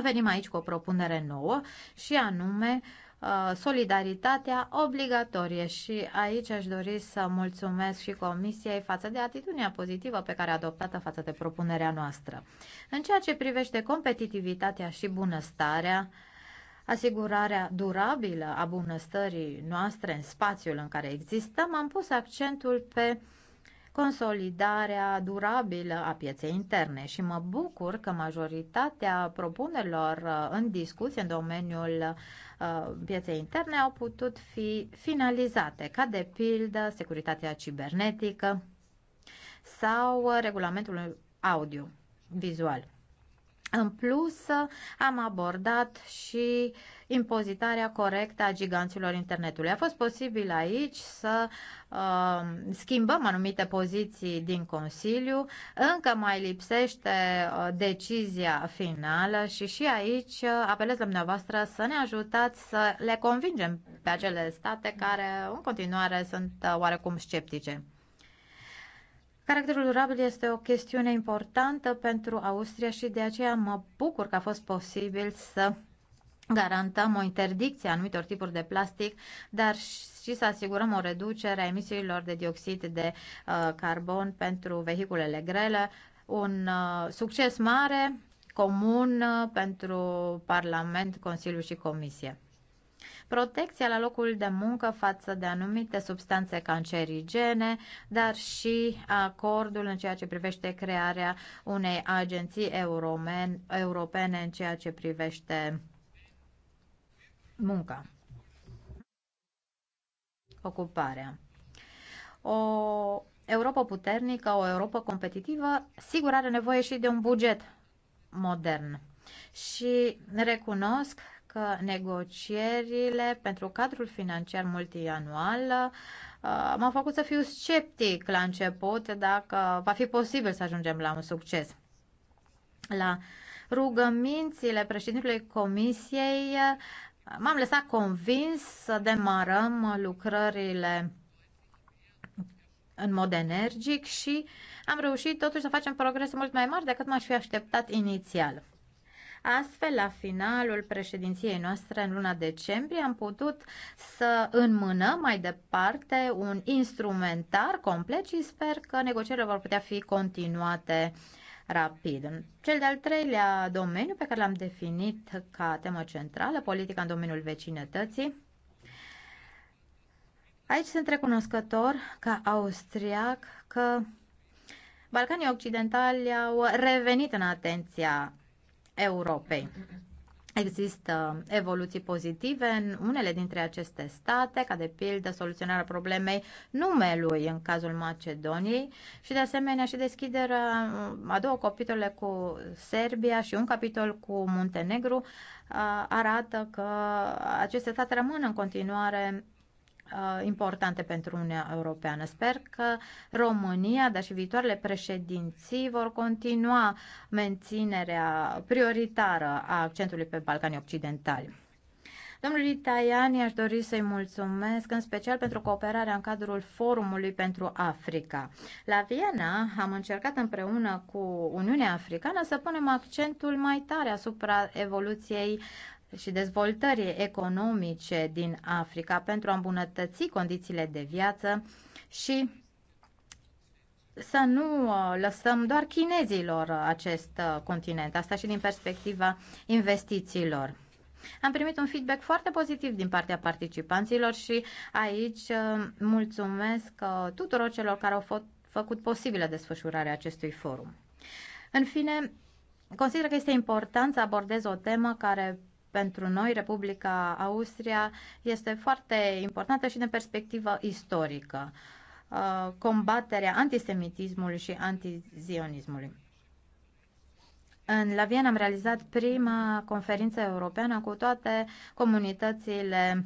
venim aici cu o propunere nouă și anume uh, solidaritatea obligatorie și aici aș dori să mulțumesc și Comisiei față de atitudinea pozitivă pe care a adoptat-o față de propunerea noastră. În ceea ce privește competitivitatea și bunăstarea, asigurarea durabilă a bunăstării noastre în spațiul în care existăm, am pus accentul pe consolidarea durabilă a pieței interne și mă bucur că majoritatea propunerilor uh, în discuție în domeniul uh, pieței interne au putut fi finalizate, ca de pildă securitatea cibernetică sau uh, regulamentul audio-vizual. În plus, am abordat și impozitarea corectă a giganților internetului. A fost posibil aici să uh, schimbăm anumite poziții din Consiliu, încă mai lipsește uh, decizia finală și și aici uh, apelez la dumneavoastră să ne ajutați să le convingem pe acele state care în continuare sunt uh, oarecum sceptice. Caracterul durabil este o chestiune importantă pentru Austria și de aceea mă bucur că a fost posibil să garantăm o interdicție a anumitor tipuri de plastic, dar și să asigurăm o reducere a emisiilor de dioxid de uh, carbon pentru vehiculele grele. Un uh, succes mare comun uh, pentru Parlament, Consiliu și Comisie. Protecția la locul de muncă față de anumite substanțe cancerigene, dar și acordul în ceea ce privește crearea unei agenții europene în ceea ce privește munca. Ocuparea. O Europa puternică, o Europa competitivă, sigur are nevoie și de un buget modern. Și recunosc că negocierile pentru cadrul financiar multianual uh, m-au făcut să fiu sceptic la început dacă va fi posibil să ajungem la un succes. La rugămințile președintelui Comisiei uh, m-am lăsat convins să demarăm lucrările în mod energic și am reușit totuși să facem progrese mult mai mari decât m-aș fi așteptat inițial. Astfel, la finalul președinției noastre în luna decembrie am putut să înmânăm mai departe un instrumentar complet și sper că negocierile vor putea fi continuate rapid. Cel de-al treilea domeniu pe care l-am definit ca temă centrală, politica în domeniul vecinătății, Aici sunt recunoscător ca austriac că Balcanii Occidentali au revenit în atenția Europei. Există evoluții pozitive în unele dintre aceste state, ca de pildă soluționarea problemei numelui în cazul Macedoniei și de asemenea și deschiderea a două capitole cu Serbia și un capitol cu Muntenegru arată că aceste state rămân în continuare Uh, importante pentru Uniunea Europeană. Sper că România, dar și viitoarele președinții vor continua menținerea prioritară a accentului pe Balcanii Occidentali. Domnului Tajani aș dori să-i mulțumesc în special pentru cooperarea în cadrul Forumului pentru Africa. La Viena am încercat împreună cu Uniunea Africană să punem accentul mai tare asupra evoluției și dezvoltării economice din Africa pentru a îmbunătăți condițiile de viață și să nu uh, lăsăm doar chinezilor uh, acest uh, continent, asta și din perspectiva investițiilor. Am primit un feedback foarte pozitiv din partea participanților și aici mulțumesc tuturor celor care au făcut posibilă desfășurarea acestui forum. În fine, consider că este important să abordez o temă care pentru noi, Republica Austria, este foarte importantă și din perspectivă istorică. Uh, combaterea antisemitismului și antizionismului. În la Viena am realizat prima conferință europeană cu toate comunitățile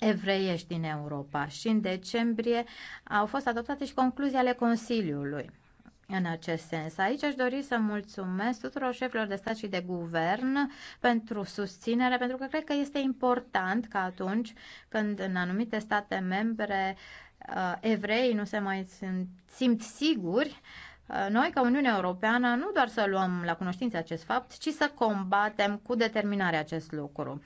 evreiești din Europa și în decembrie au fost adoptate și concluzii ale Consiliului în acest sens. Aici aș dori să mulțumesc tuturor șefilor de stat și de guvern pentru susținere, pentru că cred că este important că atunci când în anumite state membre uh, evrei nu se mai simt siguri, uh, noi, ca Uniunea Europeană, nu doar să luăm la cunoștință acest fapt, ci să combatem cu determinare acest lucru.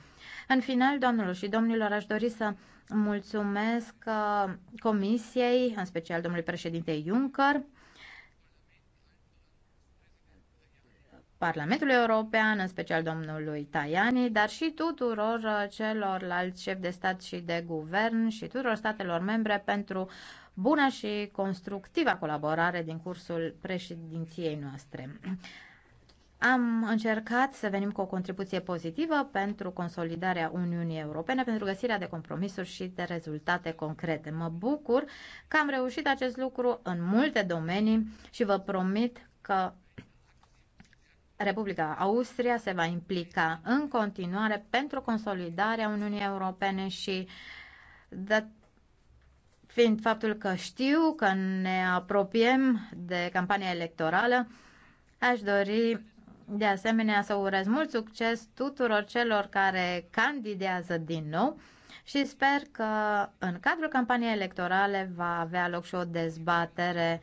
În final, doamnelor și domnilor, aș dori să mulțumesc uh, Comisiei, în special domnului președinte Juncker, Parlamentului European, în special domnului Tajani, dar și tuturor uh, celorlalți șefi de stat și de guvern și tuturor statelor membre pentru buna și constructiva colaborare din cursul președinției noastre. Am încercat să venim cu o contribuție pozitivă pentru consolidarea Uniunii Europene, pentru găsirea de compromisuri și de rezultate concrete. Mă bucur că am reușit acest lucru în multe domenii și vă promit că Republica Austria se va implica în continuare pentru consolidarea Uniunii Europene și dat, fiind faptul că știu că ne apropiem de campania electorală, aș dori de asemenea să urez mult succes tuturor celor care candidează din nou și sper că în cadrul campaniei electorale va avea loc și o dezbatere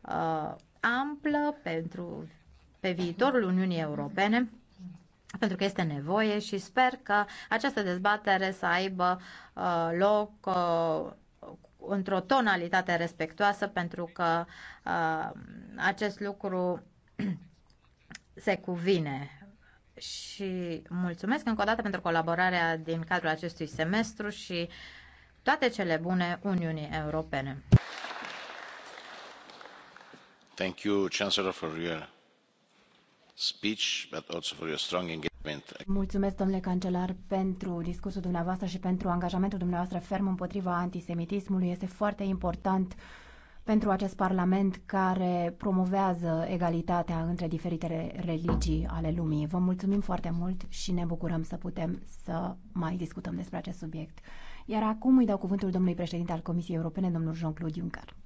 uh, amplă pentru pe viitorul Uniunii Europene, pentru că este nevoie și sper că această dezbatere să aibă uh, loc uh, într-o tonalitate respectoasă, pentru că uh, acest lucru se cuvine și mulțumesc încă o dată pentru colaborarea din cadrul acestui semestru și toate cele bune Uniunii Europene. Thank you, Chancellor, for your Mulțumesc, domnule cancelar, pentru discursul dumneavoastră și pentru angajamentul dumneavoastră ferm împotriva antisemitismului. Este foarte important pentru acest Parlament care promovează egalitatea între diferitele religii ale lumii. Vă mulțumim foarte mult și ne bucurăm să putem să mai discutăm despre acest subiect. Iar acum îi dau cuvântul domnului președinte al Comisiei Europene, domnul Jean-Claude Juncker.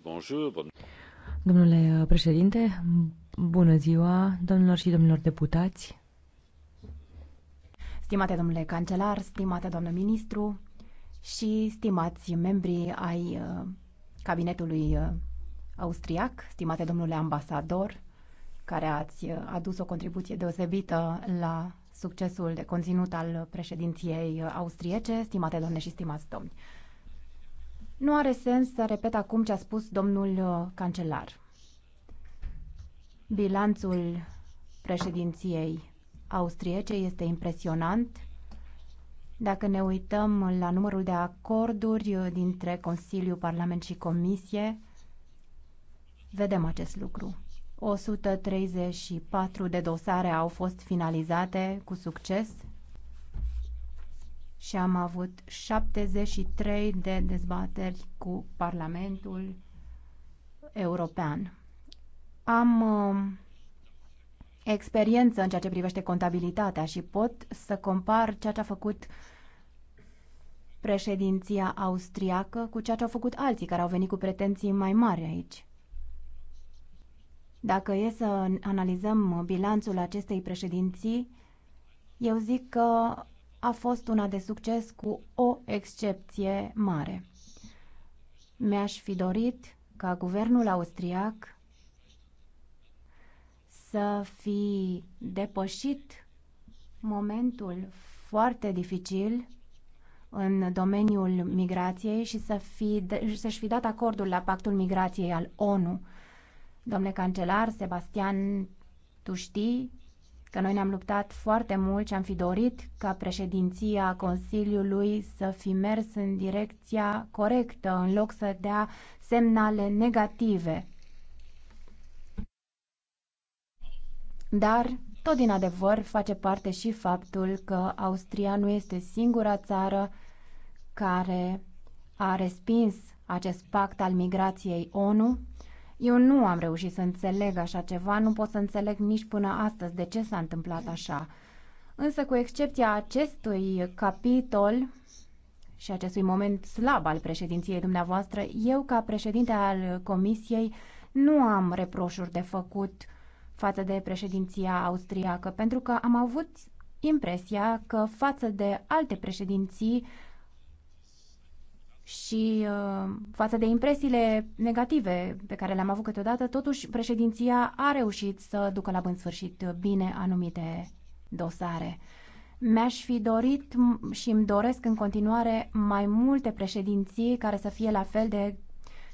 Bonjour, bon... Domnule președinte, bună ziua, domnilor și domnilor deputați. Stimate domnule cancelar, stimate doamnă ministru și stimați membrii ai uh, cabinetului uh, austriac, stimate domnule ambasador, care ați uh, adus o contribuție deosebită la succesul de conținut al președinției austriece, stimate doamne și stimați domni. Nu are sens să repet acum ce a spus domnul uh, cancelar. Bilanțul președinției austriece este impresionant. Dacă ne uităm la numărul de acorduri uh, dintre Consiliu, Parlament și Comisie, vedem acest lucru. 134 de dosare au fost finalizate cu succes, și am avut 73 de dezbateri cu Parlamentul European. Am uh, experiență în ceea ce privește contabilitatea și pot să compar ceea ce a făcut președinția austriacă cu ceea ce au făcut alții care au venit cu pretenții mai mari aici. Dacă e să analizăm bilanțul acestei președinții, eu zic că a fost una de succes cu o excepție mare. Mi-aș fi dorit ca guvernul austriac să fi depășit momentul foarte dificil în domeniul migrației și să fi, să-și fi dat acordul la pactul migrației al ONU. Domnule cancelar, Sebastian, tu știi că noi ne-am luptat foarte mult și am fi dorit ca președinția Consiliului să fi mers în direcția corectă, în loc să dea semnale negative. Dar, tot din adevăr, face parte și faptul că Austria nu este singura țară care a respins acest pact al migrației ONU eu nu am reușit să înțeleg așa ceva, nu pot să înțeleg nici până astăzi de ce s-a întâmplat așa. Însă, cu excepția acestui capitol și acestui moment slab al președinției dumneavoastră, eu, ca președinte al Comisiei, nu am reproșuri de făcut față de președinția austriacă, pentru că am avut impresia că față de alte președinții și uh, față de impresiile negative pe care le-am avut câteodată, totuși președinția a reușit să ducă la bun sfârșit bine anumite dosare. Mi-aș fi dorit și îmi doresc în continuare mai multe președinții care să fie la fel de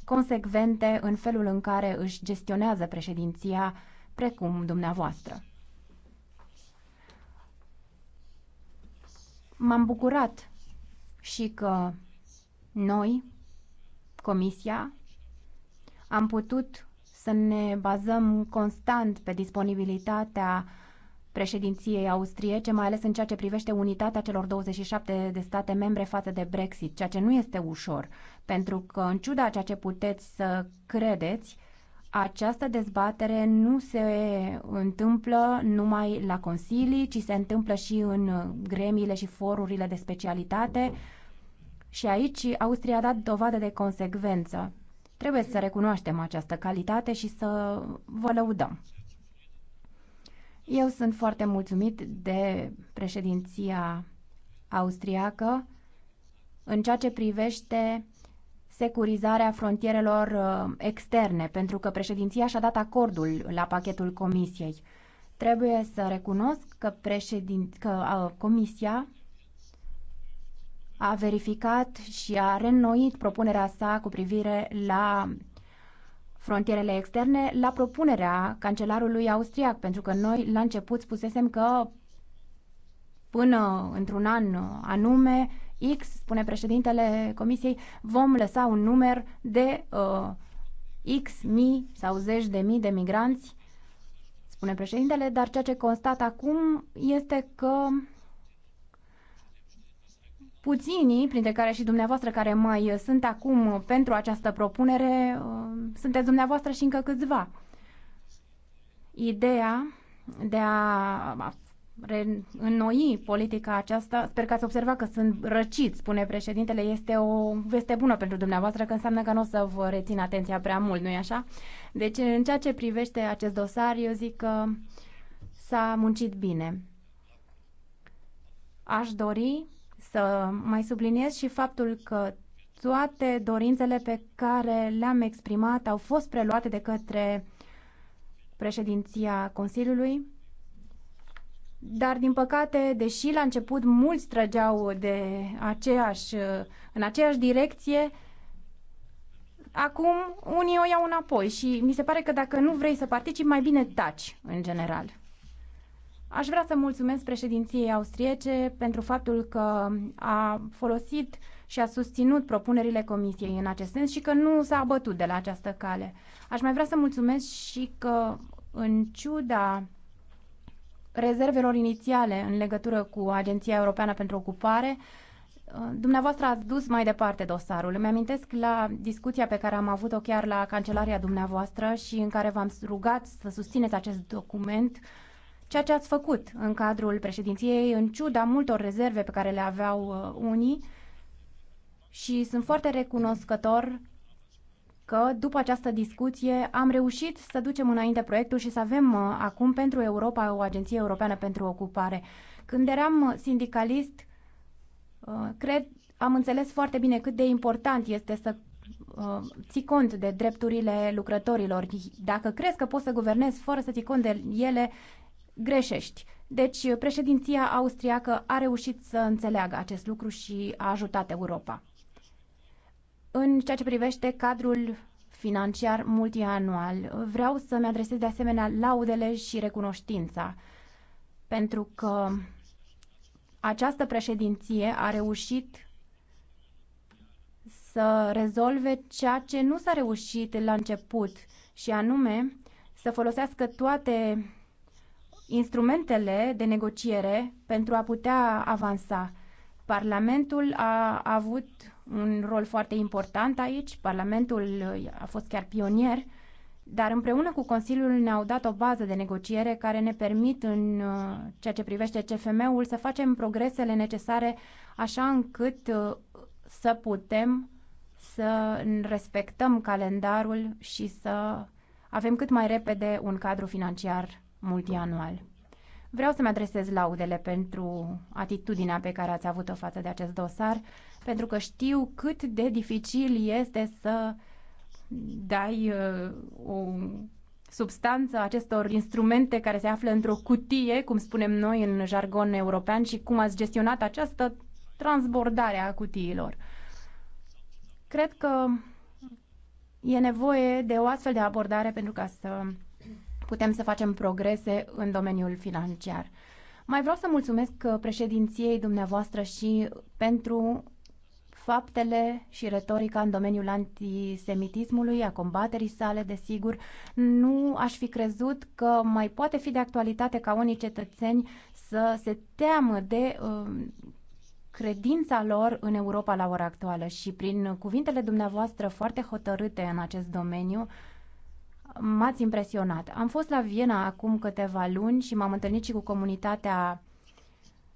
consecvente în felul în care își gestionează președinția, precum dumneavoastră. M-am bucurat și că noi, Comisia, am putut să ne bazăm constant pe disponibilitatea președinției austriece, mai ales în ceea ce privește unitatea celor 27 de state membre față de Brexit, ceea ce nu este ușor, pentru că, în ciuda ceea ce puteți să credeți, această dezbatere nu se întâmplă numai la consilii, ci se întâmplă și în gremiile și forurile de specialitate, și aici Austria a dat dovadă de consecvență. Trebuie să recunoaștem această calitate și să vă lăudăm. Eu sunt foarte mulțumit de președinția austriacă în ceea ce privește securizarea frontierelor uh, externe, pentru că președinția și-a dat acordul la pachetul comisiei. Trebuie să recunosc că, președin... că a, uh, comisia a verificat și a reînnoit propunerea sa cu privire la frontierele externe la propunerea cancelarului austriac, pentru că noi la început spusesem că până într-un an anume, X, spune președintele Comisiei, vom lăsa un număr de uh, X mii sau zeci de mii de migranți, spune președintele, dar ceea ce constat acum este că Puținii, printre care și dumneavoastră care mai sunt acum pentru această propunere, uh, sunteți dumneavoastră și încă câțiva. Ideea de a reînnoi politica aceasta, sper că ați observat că sunt răciți, spune președintele, este o veste bună pentru dumneavoastră, că înseamnă că nu o să vă rețin atenția prea mult, nu-i așa? Deci, în ceea ce privește acest dosar, eu zic că s-a muncit bine. Aș dori să mai subliniez și faptul că toate dorințele pe care le-am exprimat au fost preluate de către președinția Consiliului, dar din păcate, deși la început mulți trăgeau de aceeași, în aceeași direcție, acum unii o iau înapoi și mi se pare că dacă nu vrei să participi, mai bine taci în general. Aș vrea să mulțumesc președinției austriece pentru faptul că a folosit și a susținut propunerile comisiei în acest sens și că nu s-a abătut de la această cale. Aș mai vrea să mulțumesc și că, în ciuda rezervelor inițiale în legătură cu Agenția Europeană pentru Ocupare, Dumneavoastră ați dus mai departe dosarul. Îmi amintesc la discuția pe care am avut-o chiar la cancelaria dumneavoastră și în care v-am rugat să susțineți acest document uh, Ceea ce ați făcut în cadrul președinției, în ciuda multor rezerve pe care le aveau uh, unii, și sunt foarte recunoscător că după această discuție am reușit să ducem înainte proiectul și să avem uh, acum pentru Europa o agenție europeană pentru ocupare. Când eram sindicalist, uh, cred, am înțeles foarte bine cât de important este să ții cont de drepturile lucrătorilor. Dacă crezi că poți să guvernezi fără să ții cont de ele, greșești. Deci președinția austriacă a reușit să înțeleagă acest lucru și a ajutat Europa. În ceea ce privește cadrul financiar multianual, vreau să-mi adresez de asemenea laudele și recunoștința, pentru că această președinție a reușit să rezolve ceea ce nu s-a reușit la început, și anume să folosească toate instrumentele de negociere pentru a putea avansa. Parlamentul a avut un rol foarte important aici, Parlamentul uh, a fost chiar pionier, dar împreună cu Consiliul ne-au dat o bază de negociere care ne permit în uh, ceea ce privește CFM-ul să facem progresele necesare așa încât uh, să putem să respectăm calendarul și să avem cât mai repede un cadru financiar multianual. Vreau să-mi adresez laudele pentru atitudinea pe care ați avut-o față de acest dosar, pentru că știu cât de dificil este să dai uh, o substanță acestor instrumente care se află într-o cutie, cum spunem noi în jargon european, și cum ați gestionat această transbordare a cutiilor. Cred că e nevoie de o astfel de abordare pentru ca să putem să facem progrese în domeniul financiar. Mai vreau să mulțumesc uh, președinției dumneavoastră și pentru faptele și retorica în domeniul antisemitismului, a combaterii sale, desigur, nu aș fi crezut că mai poate fi de actualitate ca unii cetățeni să se teamă de um, credința lor în Europa la ora actuală și prin cuvintele dumneavoastră foarte hotărâte în acest domeniu, uh, m-ați impresionat. Am fost la Viena acum câteva luni și m-am întâlnit și cu comunitatea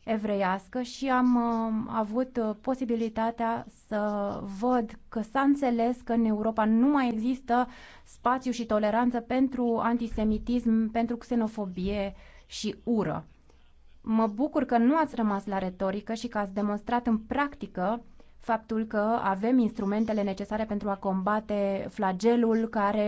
evreiască și am uh, avut uh, posibilitatea să văd că s-a înțeles că în Europa nu mai există spațiu și toleranță pentru antisemitism, pentru xenofobie și ură. Mă bucur că nu ați rămas la retorică și că ați demonstrat în practică faptul că avem instrumentele necesare pentru a combate flagelul care